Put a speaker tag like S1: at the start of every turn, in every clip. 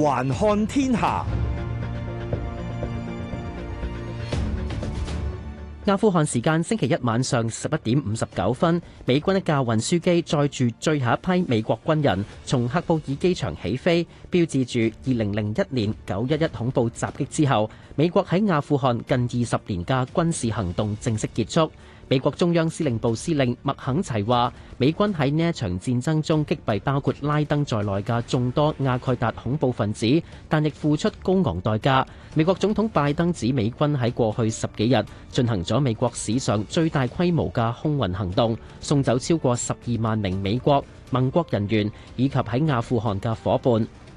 S1: 環看天下。阿富汗時間星期一晚上十一點五十九分，美軍一架運輸機載住最後一批美國軍人從喀布爾機場起飛，標誌住二零零一年九一一恐怖襲擊之後，美國喺阿富汗近二十年嘅軍事行動正式結束。美國中央司令部司令麥肯齊話：美軍喺呢一場戰爭中擊斃包括拉登在內嘅眾多阿蓋達恐怖分子，但亦付出高昂代價。美國總統拜登指，美軍喺過去十幾日進行咗美國史上最大規模嘅空運行動，送走超過十二萬名美國、盟國人員以及喺阿富汗嘅夥伴。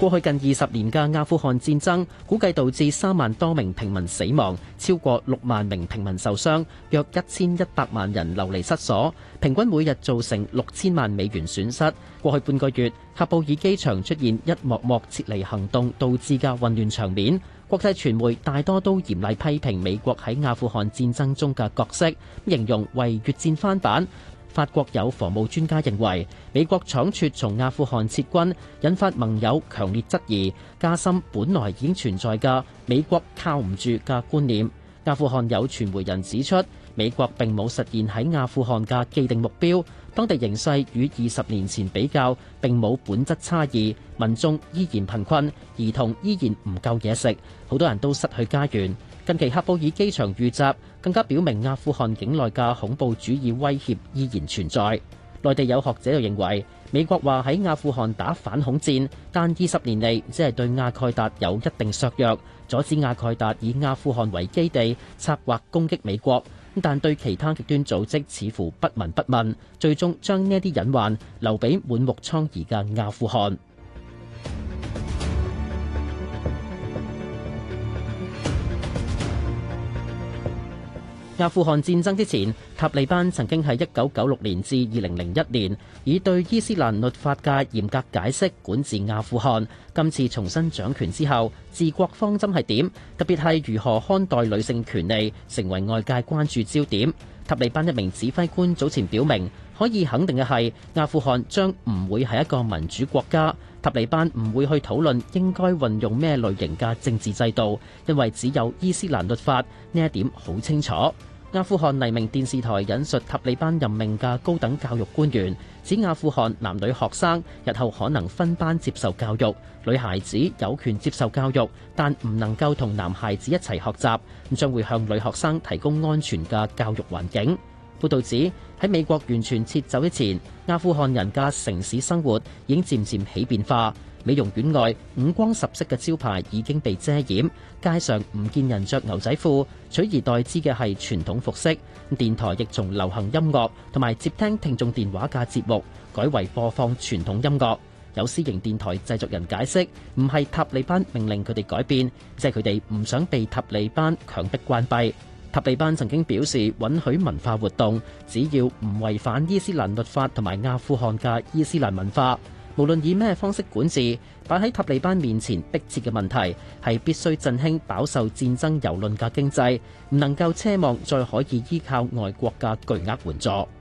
S1: 過去近二十年嘅阿富汗戰爭，估計導致三萬多名平民死亡，超過六萬名平民受傷，約一千一百萬人流離失所，平均每日造成六千萬美元損失。過去半個月，喀布爾機場出現一幕幕撤離行動導致嘅混亂場面，國際傳媒大多都嚴厲批評美國喺阿富汗戰爭中嘅角色，形容為越戰翻版。法國有防務專家認為，美國倉促從阿富汗撤軍，引發盟友強烈質疑，加深本來已經存在噶美國靠唔住噶觀念。阿富汗有傳媒人指出，美國並冇實現喺阿富汗嘅既定目標，當地形勢與二十年前比較，並冇本質差異，民眾依然貧困，兒童依然唔夠嘢食，好多人都失去家園。近期喀布爾機場遇襲，更加表明阿富汗境內嘅恐怖主義威脅依然存在。內地有學者就認為，美國話喺阿富汗打反恐戰，但二十年嚟只係對阿蓋達有一定削弱，阻止阿蓋達以阿富汗為基地策劃攻擊美國，但對其他極端組織似乎不聞不問，最終將呢啲隱患留俾滿目瘡痍嘅阿富汗。阿富汗戰爭之前，塔利班曾經喺一九九六年至二零零一年以對伊斯蘭律法嘅嚴格解釋管治阿富汗。今次重新掌權之後，治國方針係點？特別係如何看待女性權利，成為外界關注焦點。塔利班一名指揮官早前表明，可以肯定嘅係，阿富汗將唔會係一個民主國家。塔利班唔會去討論應該運用咩類型嘅政治制度，因為只有伊斯蘭律法呢一點好清楚。阿富汗黎明電視台引述塔利班任命嘅高等教育官員指阿富汗男女學生日後可能分班接受教育，女孩子有權接受教育，但唔能夠同男孩子一齊學習，咁將會向女學生提供安全嘅教育環境。報導指喺美國完全撤走之前，阿富汗人嘅城市生活已經漸漸起變化。美容院外五光十色嘅招牌已經被遮掩，街上唔見人著牛仔褲，取而代之嘅係傳統服飾。電台亦從流行音樂同埋接聽聽眾電話嘅節目，改為播放傳統音樂。有私營電台製作人解釋，唔係塔利班命令佢哋改變，即係佢哋唔想被塔利班強迫關閉。塔利班曾經表示，允許文化活動，只要唔違反伊斯蘭律法同埋阿富汗嘅伊斯蘭文化。無論以咩方式管治，擺喺塔利班面前迫切嘅問題係必須振興飽受戰爭蹂躪嘅經濟，唔能夠奢望再可以依靠外國嘅巨額援助。